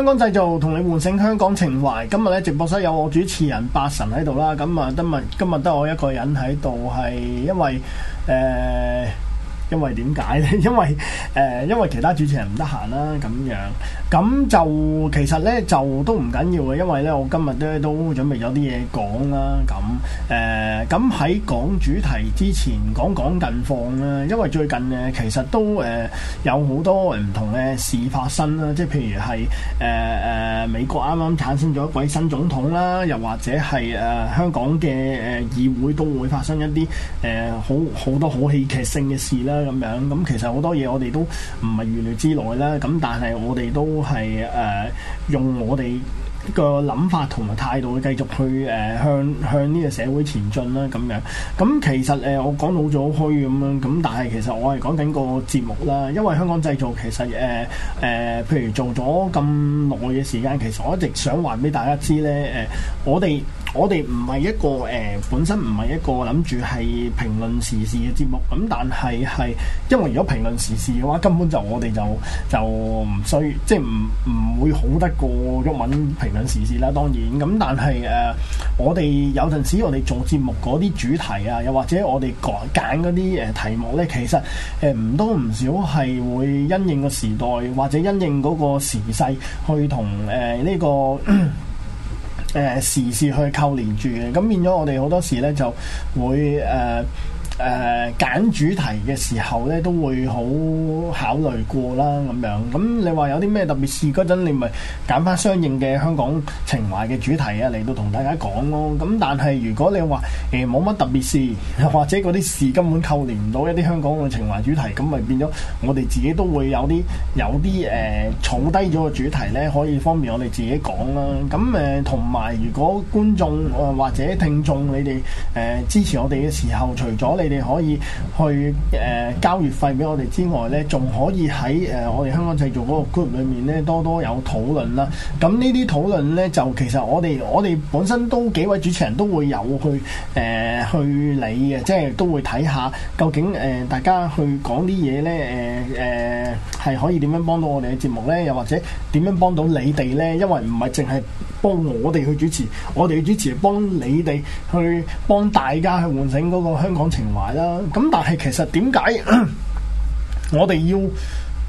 香港製造同你喚醒香港情懷。今日咧，直播室有我主持人八神喺度啦，咁啊，今日今日得我一個人喺度，係因為誒。呃因為點解咧？因為誒因為其他主持人唔得閒啦，咁樣咁就其實咧，就都唔緊要嘅，因為咧，我今日咧都準備有啲嘢講啦，咁誒咁喺講主題之前，講講近況啦，因為最近誒其實都誒、呃、有好多唔同咧事發生啦，即係譬如係誒誒美國啱啱產生咗一位新總統啦，又或者係誒、呃、香港嘅誒議會都會發生一啲誒、呃、好好多好戲劇性嘅事啦。咁樣咁其實好多嘢我哋都唔係預料之內啦，咁但係我哋都係誒、呃、用我哋個諗法同埋態度去繼續去誒、呃、向向呢個社會前進啦咁樣。咁、嗯、其實誒、呃、我講到咗虛咁樣，咁但係其實我係講緊個節目啦，因為香港製造其實誒誒、呃呃，譬如做咗咁耐嘅時間，其實我一直想話俾大家知咧誒，我哋。我哋唔係一個誒、呃，本身唔係一個諗住係評論時事嘅節目，咁但係係因為如果評論時事嘅話，根本就我哋就就唔需，即係唔唔會好得過毓民評論時事啦。當然，咁但係誒、呃，我哋有陣時我哋做節目嗰啲主題啊，又或者我哋改揀嗰啲誒題目咧，其實誒唔、呃、多唔少係會因應個時代，或者因應嗰個時勢去同誒呢個。誒時時去扣連住嘅，咁變咗我哋好多時咧就會誒。呃誒揀、呃、主題嘅時候咧，都會好考慮過啦咁樣，咁你話有啲咩特別事嗰陣你咪揀翻相應嘅香港情懷嘅主題啊嚟到同大家講咯。咁但係如果你話誒冇乜特別事，或者嗰啲事根本扣連唔到一啲香港嘅情懷主題咁咪變咗我哋自己都會有啲有啲誒儲低咗嘅主題咧，可以方便我哋自己講啦。咁誒同埋如果觀眾、呃、或者聽眾你哋誒、呃、支持我哋嘅時候，除咗你你可以去誒、呃、交月費俾我哋之外呢，仲可以喺誒、呃、我哋香港製造嗰個 group 裏面呢，多多有討論啦。咁呢啲討論呢，就其實我哋我哋本身都幾位主持人都會有去誒、呃、去理嘅，即係都會睇下究竟誒、呃、大家去講啲嘢呢。誒、呃、誒。呃係可以點樣幫到我哋嘅節目呢？又或者點樣幫到你哋呢？因為唔係淨係幫我哋去主持，我哋嘅主持係幫你哋去幫大家去喚醒嗰個香港情懷啦。咁但係其實點解我哋要，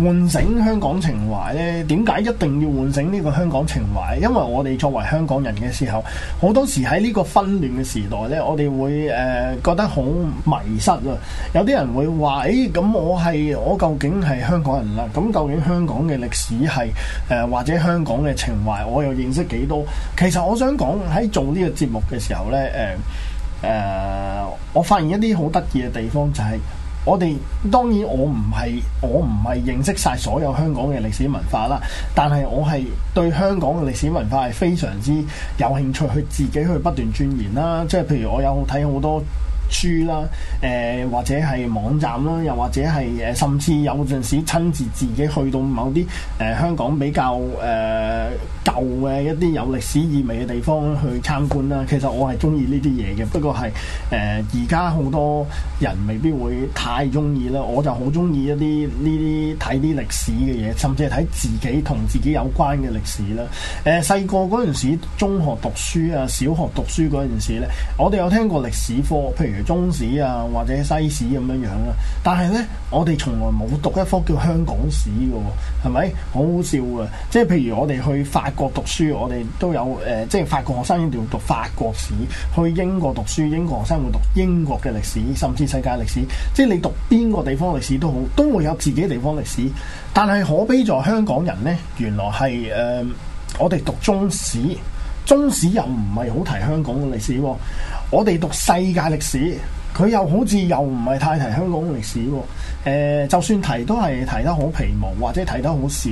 喚醒香港情懷呢？點解一定要喚醒呢個香港情懷？因為我哋作為香港人嘅時候，好多時喺呢個紛亂嘅時代呢，我哋會誒、呃、覺得好迷失啊！有啲人會話，誒、欸、咁我係我究竟係香港人啦？咁究竟香港嘅歷史係誒、呃、或者香港嘅情懷，我又認識幾多？其實我想講喺做呢個節目嘅時候呢，誒、呃呃、我發現一啲好得意嘅地方就係、是。我哋當然我唔係我唔係認識晒所有香港嘅歷史文化啦，但係我係對香港嘅歷史文化係非常之有興趣，去自己去不斷鑽研啦。即係譬如我有睇好多書啦，誒或者係網站啦，又或者係誒甚至有陣時親自自己去到某啲誒、呃、香港比較誒、呃、舊嘅一啲有歷史意味嘅地方去參觀啦。其實我係中意呢啲嘢嘅，不過係誒而家好多人未必會太中意啦。我就好中意一啲呢啲睇啲歷史嘅嘢，甚至係睇自己同自己有關嘅歷史啦。誒細個嗰陣時，中學讀書啊，小學讀書嗰陣時咧，我哋有聽過歷史科，譬如～中史啊，或者西史咁樣樣啦，但係呢，我哋從來冇讀一科叫香港史嘅，係咪？好好笑啊！即係譬如我哋去法國讀書，我哋都有誒、呃，即係法國學生一定要讀法國史；去英國讀書，英國學生會讀英國嘅歷史，甚至世界歷史。即係你讀邊個地方歷史都好，都會有自己地方歷史。但係可悲在香港人呢，原來係誒、呃，我哋讀中史，中史又唔係好提香港嘅歷史。我哋讀世界歷史，佢又好似又唔係太提香港嘅歷史喎。呃，就算提都係提得好皮毛，或者提得好少，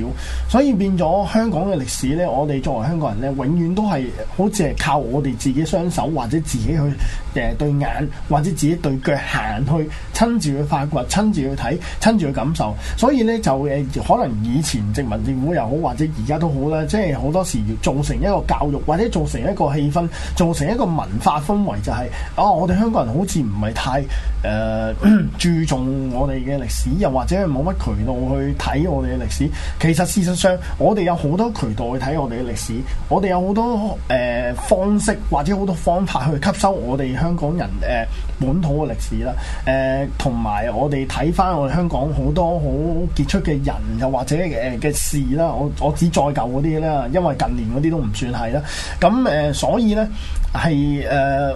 所以變咗香港嘅歷史呢，我哋作為香港人呢，永遠都係好似係靠我哋自己雙手或者自己去。誒對眼或者自己對腳行去，親自去發掘、親自去睇、親自去感受，所以咧就誒、呃、可能以前殖民政府又好，或者而家都好啦，即係好多時要造成一個教育，或者造成一個氣氛，造成一個文化氛圍，就係，就係哦，我哋香港人好似唔係太誒、呃、注重我哋嘅歷史，又或者冇乜渠道去睇我哋嘅歷史。其實事實上，我哋有好多渠道去睇我哋嘅歷史，我哋有好多誒、呃、方式或者好多方法去吸收我哋。香港人誒、呃、本土嘅歷史啦，誒同埋我哋睇返我哋香港好多好傑出嘅人，又或者誒嘅、呃、事啦。我我只再舊嗰啲啦，因為近年嗰啲都唔算係啦。咁誒、呃，所以呢，係誒、呃，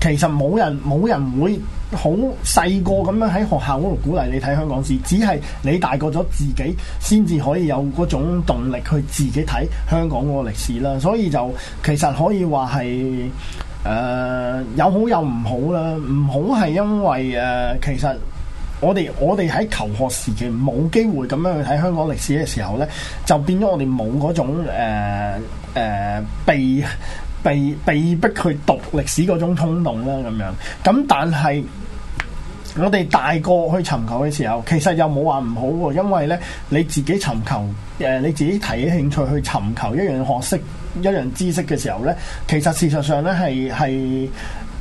其實冇人冇人會好細個咁樣喺學校嗰度鼓勵你睇香港史，只係你大個咗自己先至可以有嗰種動力去自己睇香港嗰個歷史啦。所以就其實可以話係。誒、呃、有好有唔好啦，唔好係因為誒、呃，其實我哋我哋喺求學時期冇機會咁樣去睇香港歷史嘅時候呢，就變咗我哋冇嗰種誒、呃呃、被被被逼去讀歷史嗰種衝動啦，咁樣。咁但係。我哋大個去尋求嘅時候，其實又冇話唔好喎，因為呢，你自己尋求，誒、呃、你自己提起興趣去尋求一樣學識、一樣知識嘅時候呢，其實事實上呢係係。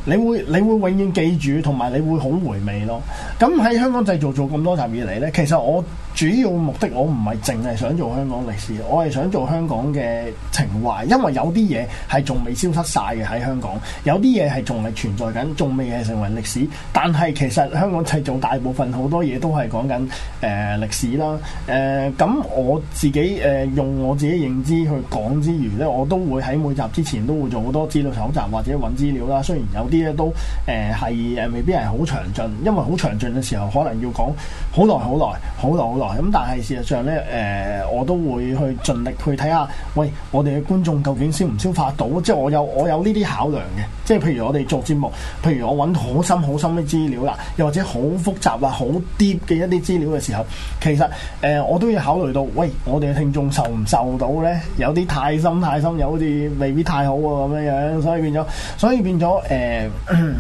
你會你會永遠記住，同埋你會好回味咯。咁喺香港製造做咁多集以嚟呢，其實我主要目的我唔係淨係想做香港歷史，我係想做香港嘅情懷。因為有啲嘢係仲未消失晒嘅喺香港，有啲嘢係仲係存在緊，仲未係成為歷史。但係其實香港製造大部分好多嘢都係講緊誒、呃、歷史啦。誒、呃、咁我自己誒、呃、用我自己認知去講之餘呢，我都會喺每集之前都會做好多資料搜集或者揾資料啦。雖然有啲都誒係誒，未必係好詳盡，因為好詳盡嘅時候，可能要講好耐、好耐、好耐、好耐。咁但係事實上咧，誒、呃、我都會去盡力去睇下，喂，我哋嘅觀眾究竟消唔消化到？即係我有我有呢啲考量嘅。即係譬如我哋做節目，譬如我揾好深、好深嘅資料啦，又或者好複雜呀好 deep 嘅一啲資料嘅時候，其實誒、呃、我都要考慮到，喂，我哋嘅聽眾受唔受到咧？有啲太深、太深又好似未必太好喎咁樣樣，所以變咗，所以變咗誒。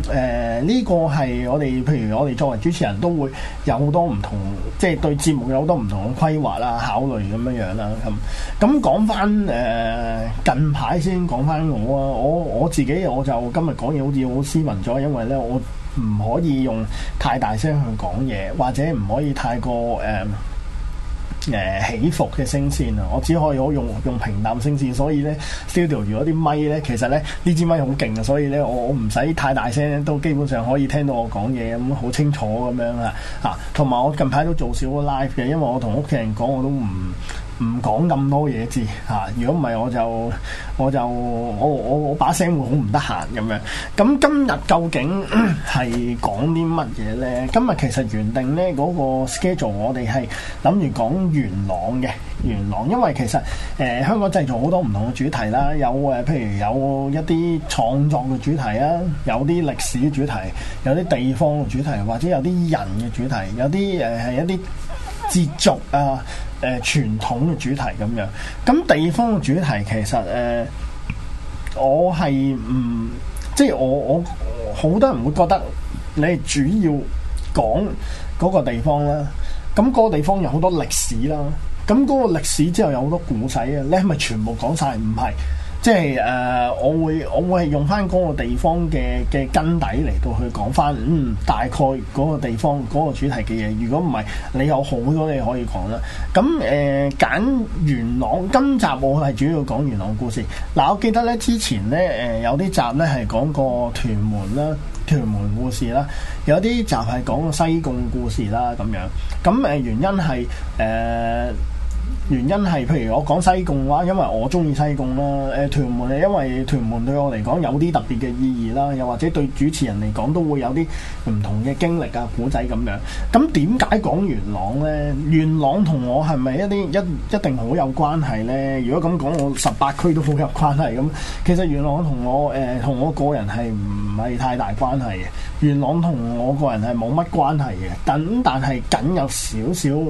誒，呢個係我哋，譬如我哋作為主持人，都會有好多唔同，即係對節目有好多唔同嘅規劃啦、考慮咁樣樣啦。咁咁講翻，誒，近排先講翻我啊，我我自己我就今日講嘢好似好斯文咗，因為咧我唔可以用太大聲去講嘢，或者唔可以太過誒。誒起伏嘅聲線啊，我只可以我用用平淡聲線，所以咧，studio 如果啲咪咧，其實咧呢支咪好勁嘅，所以咧我我唔使太大聲咧，都基本上可以聽到我講嘢咁好清楚咁樣嚇嚇，啊，同埋我近排都做少個 live 嘅，因為我同屋企人講我都唔。唔講咁多嘢字嚇，如果唔係我就我就我我我把聲會好唔得閒咁樣。咁今日究竟係講啲乜嘢呢？今日其實原定呢嗰個 schedule，我哋係諗住講元朗嘅元朗，因為其實誒、呃、香港製造好多唔同嘅主題啦，有誒譬如有一啲創作嘅主題啊，有啲歷史嘅主題，有啲地方嘅主題，或者有啲人嘅主題，有啲誒係一啲、呃、節俗啊。誒，傳統嘅主題咁樣，咁地方嘅主題其實誒、呃，我係唔即係我我好多人會覺得你係主要講嗰個地方啦，咁嗰個地方有好多歷史啦，咁嗰個歷史之後有好多古仔啊，你係咪全部講晒？唔係。即係誒、呃，我會我會係用翻嗰個地方嘅嘅根底嚟到去講翻，嗯，大概嗰個地方嗰、嗰個主題嘅嘢。如果唔係，你有好多嘢可以講啦。咁、嗯、誒，揀、呃、元朗今集我係主要講元朗故事。嗱、呃，我記得咧之前咧誒、呃、有啲集咧係講過屯門啦，屯門故事啦，有啲集係講過西貢故事啦咁樣。咁、嗯、誒、呃、原因係誒。呃原因係，譬如我講西貢嘅話，因為我中意西貢啦。誒，屯門係因為屯門對我嚟講有啲特別嘅意義啦。又或者對主持人嚟講都會有啲唔同嘅經歷啊、古仔咁樣。咁點解講元朗呢？元朗同我係咪一啲一一定好有關係呢？如果咁講，我十八區都好有關係。咁其實元朗同我誒同、呃、我個人係唔係太大關係嘅？元朗同我個人係冇乜關係嘅，等但係僅有少少誒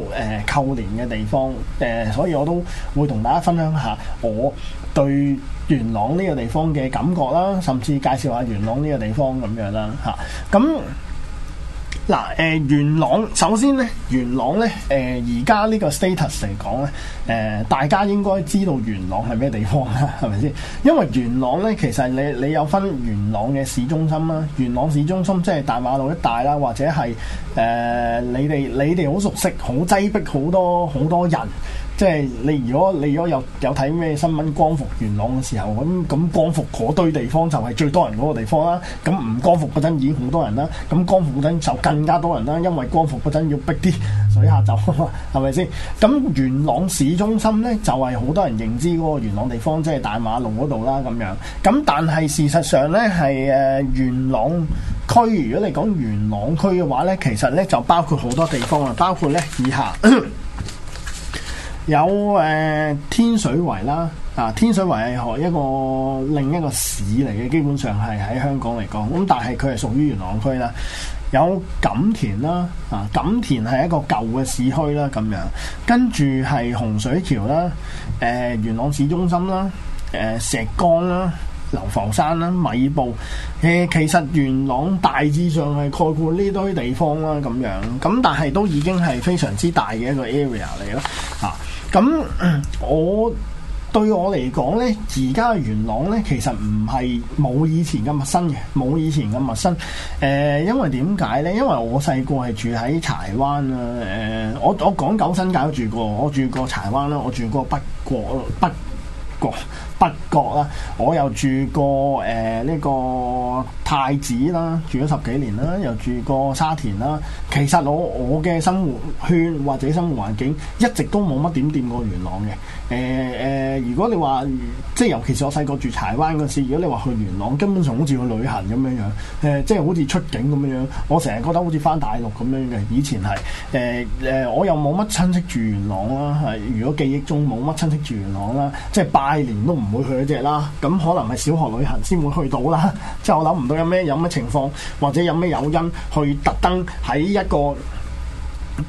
扣連嘅地方，誒、呃、所以我都會同大家分享下我對元朗呢個地方嘅感覺啦，甚至介紹下元朗呢個地方咁樣啦，嚇、啊、咁。嗱，誒元朗首先咧，元朗咧，誒而家呢，呢、呃、個 status 嚟講咧，誒、呃、大家應該知道元朗係咩地方啦，係咪先？因為元朗咧，其實你你有分元朗嘅市中心啦，元朗市中心即係大馬路一帶啦，或者係誒、呃、你哋你哋好熟悉，好擠逼好多好多人。即係你如果你如果有有睇咩，新聞光復元朗嘅時候，咁咁光復嗰堆地方就係最多人嗰個地方啦，咁唔光復嗰陣已經好多人啦，咁光復嗰陣就更加多人啦，因為光復嗰陣要逼啲水下走啊嘛，係咪先？咁元朗市中心咧就係、是、好多人認知嗰個元朗地方，即、就、係、是、大馬路嗰度啦咁樣。咁但係事實上咧係誒元朗區，如果你講元朗區嘅話咧，其實咧就包括好多地方啦，包括咧以下。 有誒、呃、天水圍啦，啊天水圍係一個另一個市嚟嘅，基本上係喺香港嚟講，咁但係佢係屬於元朗區啦。有錦田啦，啊錦田係一個舊嘅市區啦，咁樣跟住係洪水橋啦，誒、呃、元朗市中心啦，誒、呃、石崗啦，流浮山啦，米埔。誒、欸、其實元朗大致上係概括呢堆地方啦，咁樣咁但係都已經係非常之大嘅一個 area 嚟咯，啊！啊咁、嗯、我對我嚟講呢，而家元朗呢，其實唔係冇以前咁陌生嘅，冇以前咁陌生。誒、呃，因為點解呢？因為我細個係住喺柴灣啊。誒、呃，我我講九新界，我住過，我住過柴灣啦，我住過北角北。北角啦，我又住過誒呢、呃這個太子啦，住咗十幾年啦，又住過沙田啦。其實我我嘅生活圈或者生活環境一直都冇乜點掂過元朗嘅。誒誒、呃，如果你話即係尤其是我細個住柴灣嗰時，如果你話去元朗，根本上好似去旅行咁樣樣，誒、呃、即係好似出境咁樣樣。我成日覺得好似返大陸咁樣嘅，以前係誒誒，我又冇乜親戚住元朗啦，係、啊、如果記憶中冇乜親戚住元朗啦，即係拜年都唔會去一隻啦。咁可能係小學旅行先會去到啦。即係我諗唔到有咩有咩情況，或者有咩誘因去特登喺一個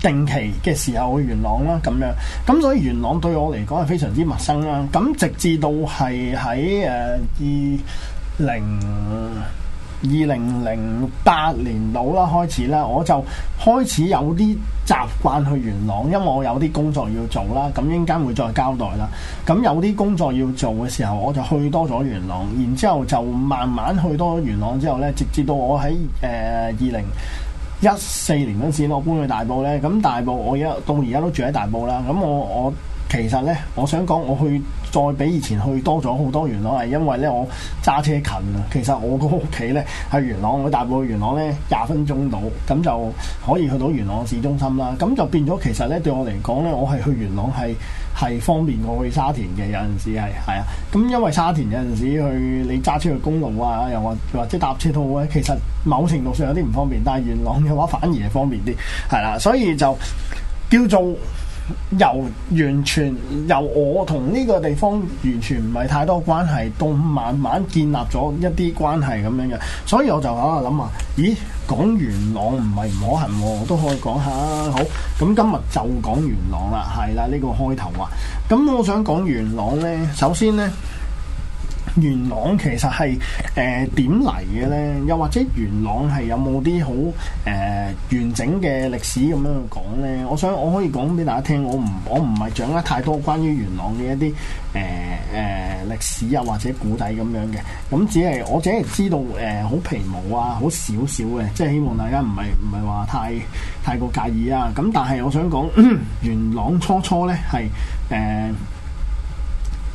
定期嘅時候去元朗啦，咁樣，咁所以元朗對我嚟講係非常之陌生啦。咁直至到係喺誒二零二零零八年度啦，開始啦，我就開始有啲習慣去元朗，因為我有啲工作要做啦。咁陣間會再交代啦。咁有啲工作要做嘅時候，我就去多咗元朗，然之後就慢慢去多元朗之後呢，直至到我喺誒二零。呃一四年嗰陣時，我搬去大埔咧，咁大埔我而家到而家都住喺大埔啦，咁我我。我其實呢，我想講，我去再比以前去多咗好多元朗，係因為呢，我揸車近啊。其實我個屋企呢，係元朗，我大部去元朗呢，廿分鐘到，咁就可以去到元朗市中心啦。咁就變咗，其實呢，對我嚟講呢，我係去元朗係係方便過去沙田嘅。有陣時係係啊，咁因為沙田有陣時去你揸車去公路啊，又或者或者搭車都好咧。其實某程度上有啲唔方便，但係元朗嘅話反而係方便啲，係啦。所以就叫做。由完全由我同呢個地方完全唔係太多關係，到慢慢建立咗一啲關係咁樣嘅，所以我就喺度諗話，咦，講元朗唔係唔可行，都可以講下。好，咁今日就講元朗啦，係啦，呢個開頭啊。咁我想講元朗呢，首先呢。元朗其實係誒點嚟嘅咧？又或者元朗係有冇啲好誒完整嘅歷史咁樣講咧？我想我可以講俾大家聽，我唔我唔係掌握太多關於元朗嘅一啲誒誒歷史啊，或者古仔咁樣嘅。咁只係我只係知道誒好、呃、皮毛啊，好少少嘅，即係希望大家唔係唔係話太太過介意啊。咁但係我想講、呃、元朗初初咧係誒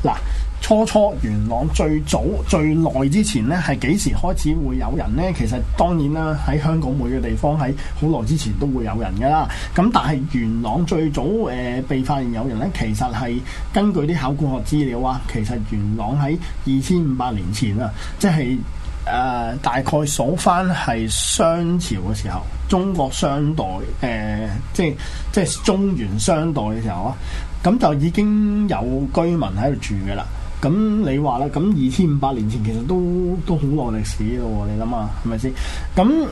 嗱。初初元朗最早最耐之前呢，係幾時開始會有人呢？其實當然啦，喺香港每個地方喺好耐之前都會有人噶啦。咁但係元朗最早誒被發現有人呢，其實係根據啲考古學資料啊，其實元朗喺二千五百年前啊，即係誒、呃、大概數翻係商朝嘅時候，中國商代誒、呃、即即中原商代嘅時候啊，咁就已經有居民喺度住噶啦。咁你話啦，咁二千五百年前其實都都好耐歷史咯喎，你諗下，係咪先？咁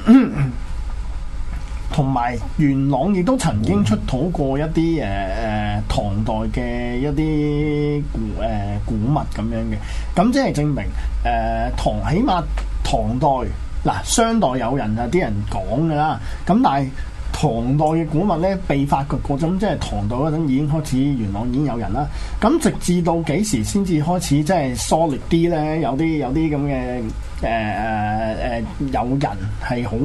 同埋元朗亦都曾經出土過一啲誒誒唐代嘅一啲古誒、呃、古物咁樣嘅，咁即係證明誒、呃、唐，起碼唐代嗱商代有人啊，啲人講㗎啦，咁但係。唐代嘅古物咧被發掘過咗，即係唐代嗰陣已經開始，元朗已經有人啦。咁直至到幾時先至開始？即係疏歷啲咧？有啲有啲咁嘅誒誒誒有人係好。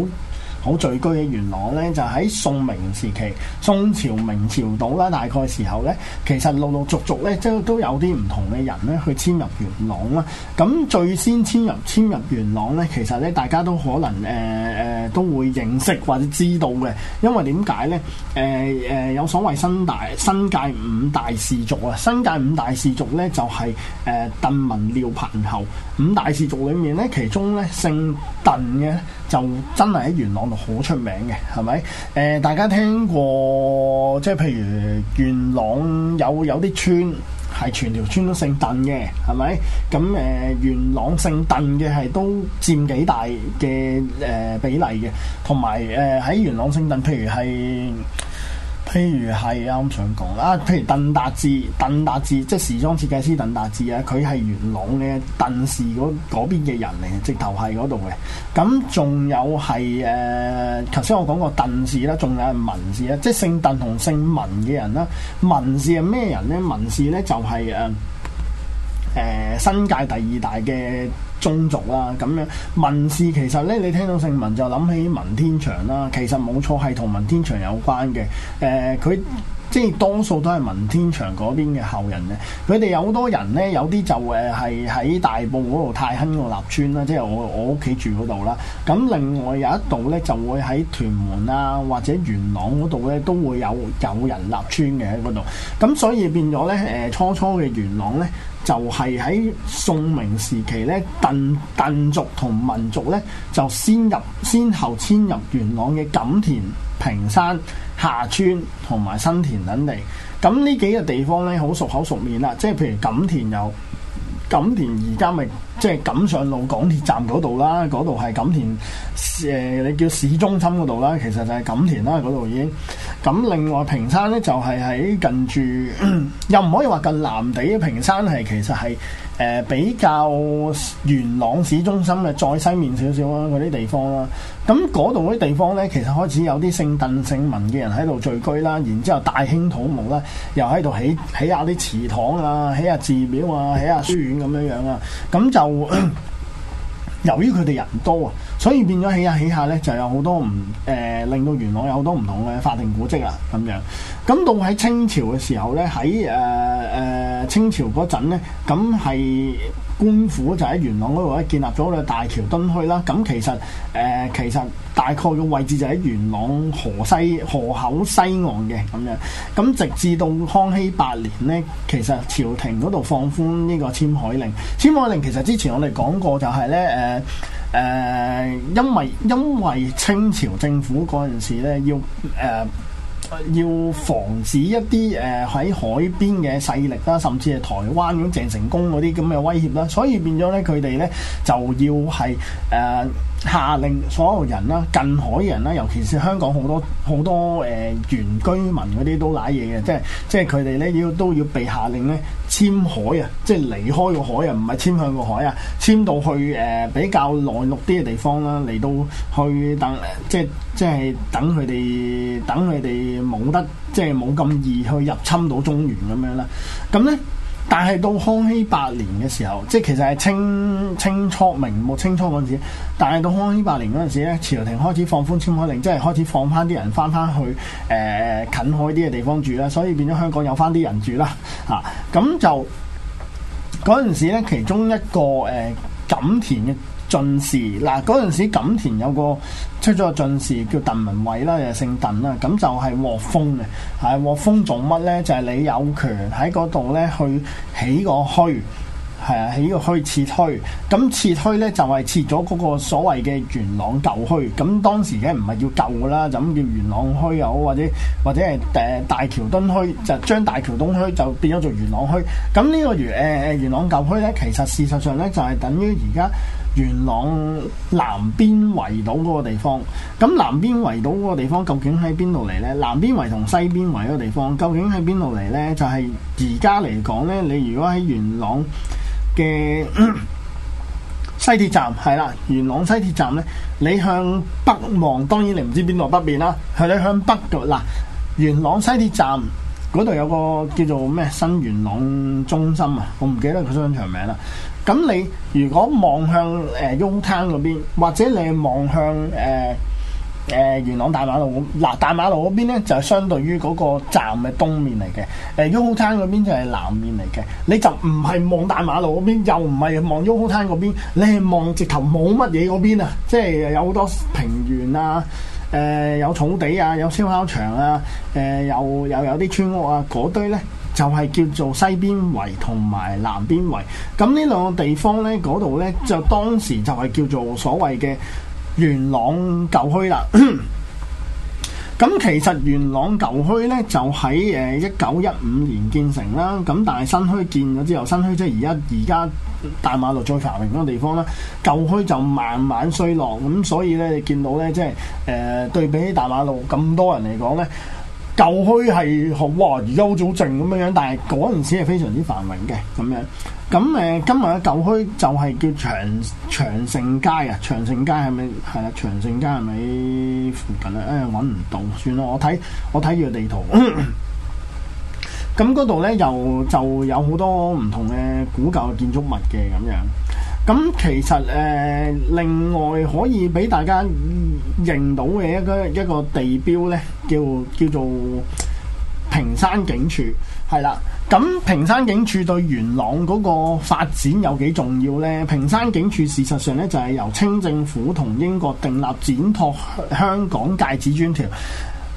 好聚居嘅元朗咧，就喺、是、宋明時期、宋朝、明朝到啦，大概時候咧，其實陸陸續續咧，即都有啲唔同嘅人咧，去遷入元朗啦。咁最先遷入遷入元朗咧，其實咧，大家都可能誒誒、呃呃、都會認識或者知道嘅，因為點解咧？誒、呃、誒、呃、有所謂新大新界五大氏族啊，新界五大氏族咧就係、是、誒、呃、鄧文廖侯、廖、彭、侯五大氏族裏面咧，其中咧姓鄧嘅。就真係喺元朗度好出名嘅，係咪？誒、呃，大家聽過即係譬如元朗有有啲村係全條村都姓鄧嘅，係咪？咁誒、呃，元朗姓鄧嘅係都佔幾大嘅誒、呃、比例嘅，同埋誒喺元朗姓鄧，譬如係。譬如係啱想講啊，譬如鄧達智，鄧達智即係時裝設計師鄧達智啊，佢係元朗嘅鄧氏嗰嗰邊嘅人嚟，直頭係嗰度嘅。咁仲有係誒，頭先我講過鄧氏啦，仲有係文氏啦，即係姓鄧同姓文嘅人啦。文氏係咩人咧？文氏咧就係誒誒新界第二大嘅。宗族啦、啊，咁樣文氏其實咧，你聽到姓文就諗起文天祥啦。其實冇錯，係同文天祥有關嘅。誒、呃，佢即係多數都係文天祥嗰邊嘅後人嘅。佢哋有好多人咧，有啲就誒係喺大埔嗰度泰亨個立村啦，即係我我屋企住嗰度啦。咁另外有一度咧，就會喺屯門啊或者元朗嗰度咧，都會有有人立村嘅喺嗰度。咁所以變咗咧，誒、呃、初初嘅元朗咧。就係喺宋明時期咧，鄧鄧族同民族咧就先入，先後遷入元朗嘅錦田、屏山、廈村同埋新田等地。咁呢幾個地方咧，好熟口熟面啦。即係譬如錦田有錦田，而家咪即係錦上路港鐵站嗰度啦，嗰度係錦田誒、呃，你叫市中心嗰度啦，其實就係錦田啦嗰度已經。咁另外屏山咧就係喺近住，又唔可以話近藍地。屏山係其實係誒、呃、比較元朗市中心嘅再西面少少啊，嗰啲地方啦。咁嗰度啲地方咧，其實開始有啲姓鄧、姓文嘅人喺度聚居啦，然之後大興土木啦，又喺度起起下啲祠堂啊，起下寺廟啊，起下書院咁樣樣啊，咁就。由於佢哋人多啊，所以變咗起下起下咧，就有好多唔誒、呃，令到元朗有好多唔同嘅法定古蹟啦，咁樣。咁到喺清朝嘅時候咧，喺誒誒清朝嗰陣咧，咁係。官府就喺元朗嗰度咧，建立咗個大橋墩墟啦。咁其實誒、呃，其實大概嘅位置就喺元朗河西河口西岸嘅咁樣。咁直至到康熙八年呢，其實朝廷嗰度放寬呢個遷海令。遷海令其實之前我哋講過、就是，就係呢，誒、呃、誒，因為因為清朝政府嗰陣時咧要誒。呃要防止一啲誒喺海邊嘅勢力啦，甚至係台灣嗰鄭成功嗰啲咁嘅威脅啦，所以變咗咧，佢哋咧就要係誒。呃下令所有人啦，近海人啦，尤其是香港好多好多誒、呃、原居民嗰啲都瀨嘢嘅，即係即係佢哋咧要都要被下令咧遷海啊，即係離開個海啊，唔係遷向個海啊，遷到去誒、呃、比較內陸啲嘅地方啦，嚟到去等，呃、即係即係等佢哋等佢哋冇得，即係冇咁易去入侵到中原咁樣啦，咁咧。但係到康熙八年嘅時候，即係其實係清清初、明末、清初嗰陣時，但係到康熙八年嗰陣時咧，朝廷開始放寬遷海令，即係開始放翻啲人翻翻去誒、呃、近海啲嘅地方住啦，所以變咗香港有翻啲人住啦，吓、啊、咁就嗰陣時咧，其中一個誒錦、呃、田嘅，進士嗱，嗰陣時，錦田有個出咗個進士叫鄧文偉啦，又姓鄧啦。咁就係獲封嘅，係獲封做乜咧？就係、是、你有權喺嗰度咧，去起個墟，係起個墟，設墟咁設墟咧就係設咗嗰個所謂嘅元朗舊墟。咁當時嘅唔係叫舊噶啦，咁叫元朗墟又好，或者或者係誒大橋墩墟，就將大橋墩墟就變咗做元朗墟。咁呢個元誒元朗舊墟咧，其實事實上咧就係等於而家。元朗南邊圍島嗰個地方，咁南邊圍島嗰個地方究竟喺邊度嚟呢？南邊圍同西邊圍嗰個地方究竟喺邊度嚟呢？就係而家嚟講呢。你如果喺元朗嘅西鐵站，係啦，元朗西鐵站呢，你向北望，當然你唔知邊度北邊啦，係你向北嘅嗱，元朗西鐵站。嗰度有個叫做咩新元朗中心啊，我唔記得佢商場名啦。咁你如果望向誒、呃、Yoho Town 嗰邊，或者你望向誒誒、呃呃、元朗大馬路嗱、啊、大馬路嗰邊咧就係、是、相對於嗰個站嘅東面嚟嘅。誒、呃、Yoho Town 嗰邊就係南面嚟嘅。你就唔係望大馬路嗰邊，又唔係望 Yoho Town 嗰邊，你係望直頭冇乜嘢嗰邊啊！即、就、係、是、有好多平原啊～誒、呃、有草地啊，有燒烤場啊，誒又又有啲村屋啊，嗰堆呢就係、是、叫做西邊圍同埋南邊圍，咁呢兩個地方呢，嗰度呢就當時就係叫做所謂嘅元朗舊墟啦。咁其實元朗舊墟呢，就喺誒一九一五年建成啦，咁但係新墟建咗之後，新墟即係而家而家，大馬路最繁榮嗰個地方咧，舊墟就慢慢衰落，咁所以咧，你見到咧，即係誒、呃、對比啲大馬路咁多人嚟講咧，舊墟係哇而家好早靜咁樣樣，但係嗰陣時係非常之繁榮嘅咁樣。咁、呃、誒，今日嘅舊墟就係叫長長城街啊，長城街係咪係啦？長城街係咪附近啊？誒揾唔到，算啦，我睇我睇住個地圖。 咁嗰度呢，又就有好多唔同嘅古舊建築物嘅咁樣。咁其實誒、呃，另外可以俾大家認到嘅一個一個地標呢，叫叫做平山警署，係啦。咁平山警署對元朗嗰個發展有幾重要呢？平山警署事實上呢，就係、是、由清政府同英國訂立展拓香港界址專條。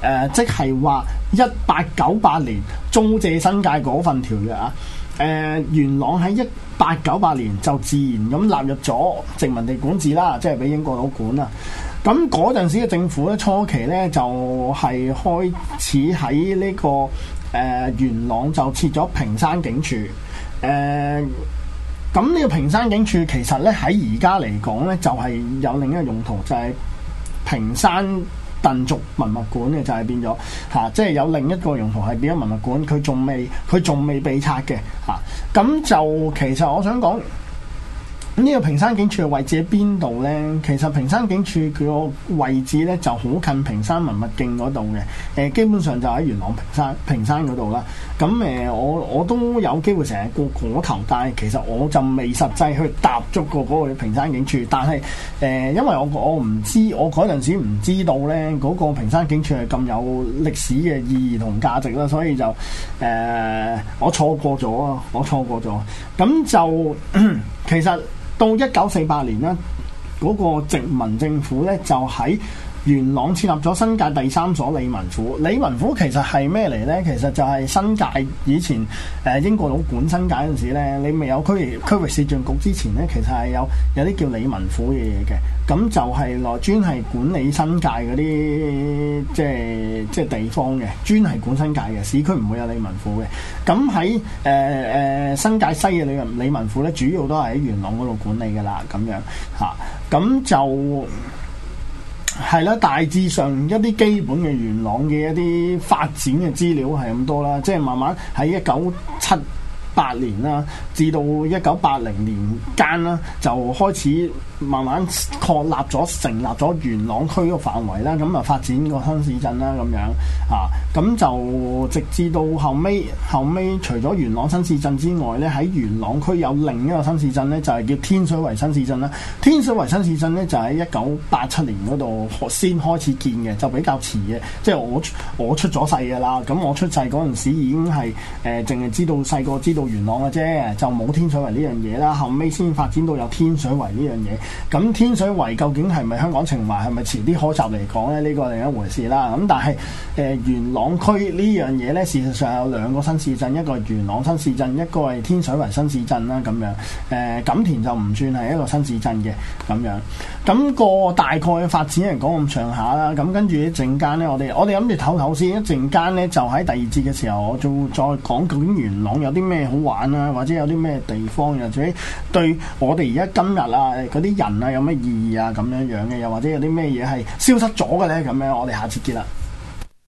誒、呃，即係話一八九八年租借新界嗰份條約啊！誒、呃，元朗喺一八九八年就自然咁納入咗殖民地管治啦，即係俾英國佬管啦。咁嗰陣時嘅政府咧，初期咧就係、是、開始喺呢、這個誒、呃、元朗就設咗屏山警署。誒、呃，咁呢個屏山警署其實咧喺而家嚟講咧，就係、是、有另一個用途，就係、是、屏山。鄧族文物館嘅就係、是、變咗嚇、啊，即係有另一個用途係變咗文物館，佢仲未佢仲未被拆嘅嚇，咁、啊、就其實我想講。咁呢個屏山警署嘅位置喺邊度呢？其實屏山警署佢個位置呢，就好近屏山文物徑嗰度嘅，誒、呃、基本上就喺元朗屏山屏山嗰度啦。咁誒、呃、我我都有機會成日過過，過頭帶，但係其實我就未實際去踏足過嗰個屏山警署，但係誒、呃，因為我我唔知，我嗰陣時唔知道呢嗰、那個屏山警署係咁有歷史嘅意義同價值啦，所以就誒我錯過咗啊！我錯過咗，咁就其實。到一九四八年呢，嗰個殖民政府呢，就喺元朗設立咗新界第三所李文府，李文府其實係咩嚟呢？其實就係新界以前誒、呃、英國佬管新界嗰陣時呢，你未有區域區域市政局之前呢，其實係有有啲叫李文府嘅嘢嘅，咁就係來專係管理新界嗰啲即係即係地方嘅，專係管新界嘅，市區唔會有李文府嘅。咁喺誒誒新界西嘅李文李文府呢，主要都係喺元朗嗰度管理噶啦，咁樣嚇，咁、啊、就。係啦，大致上一啲基本嘅元朗嘅一啲發展嘅資料係咁多啦，即係慢慢喺一九七八年啦，至到一九八零年間啦，就開始慢慢確立咗、成立咗元朗區個範圍啦，咁啊發展個新市鎮啦咁樣啊，咁、啊、就直至到後尾後尾，除咗元朗新市鎮之外咧，喺元朗區有另一個新市鎮咧，就係、是、叫天水圍新市鎮啦。天水圍新市鎮咧就喺一九八七年嗰度先開始建嘅，就比較遲嘅。即、就、係、是、我我出咗世噶啦，咁我出世陣時已經係誒淨係知道細個知道。元朗嘅啫，就冇天水圍呢樣嘢啦，後尾先發展到有天水圍呢樣嘢。咁天水圍究竟係咪香港情懷，係咪遲啲可集嚟講咧？呢個另一回事啦。咁但係誒元朗區呢樣嘢呢，事實上有兩個新市鎮，一個元朗新市鎮，一個係天水圍新市鎮啦。咁樣誒、呃、錦田就唔算係一個新市鎮嘅咁樣。咁、咁個大概發展嚟講咁上下啦。咁跟住一陣間呢，我哋我哋諗住唞唞先。一陣間呢，就喺第二節嘅時候，我就再講究竟元朗有啲咩好。玩啦，或者有啲咩地方，又或者對我哋而家今日啊嗰啲人啊有咩意義啊咁樣樣嘅，又或者有啲咩嘢係消失咗嘅咧咁樣，我哋下次見啦。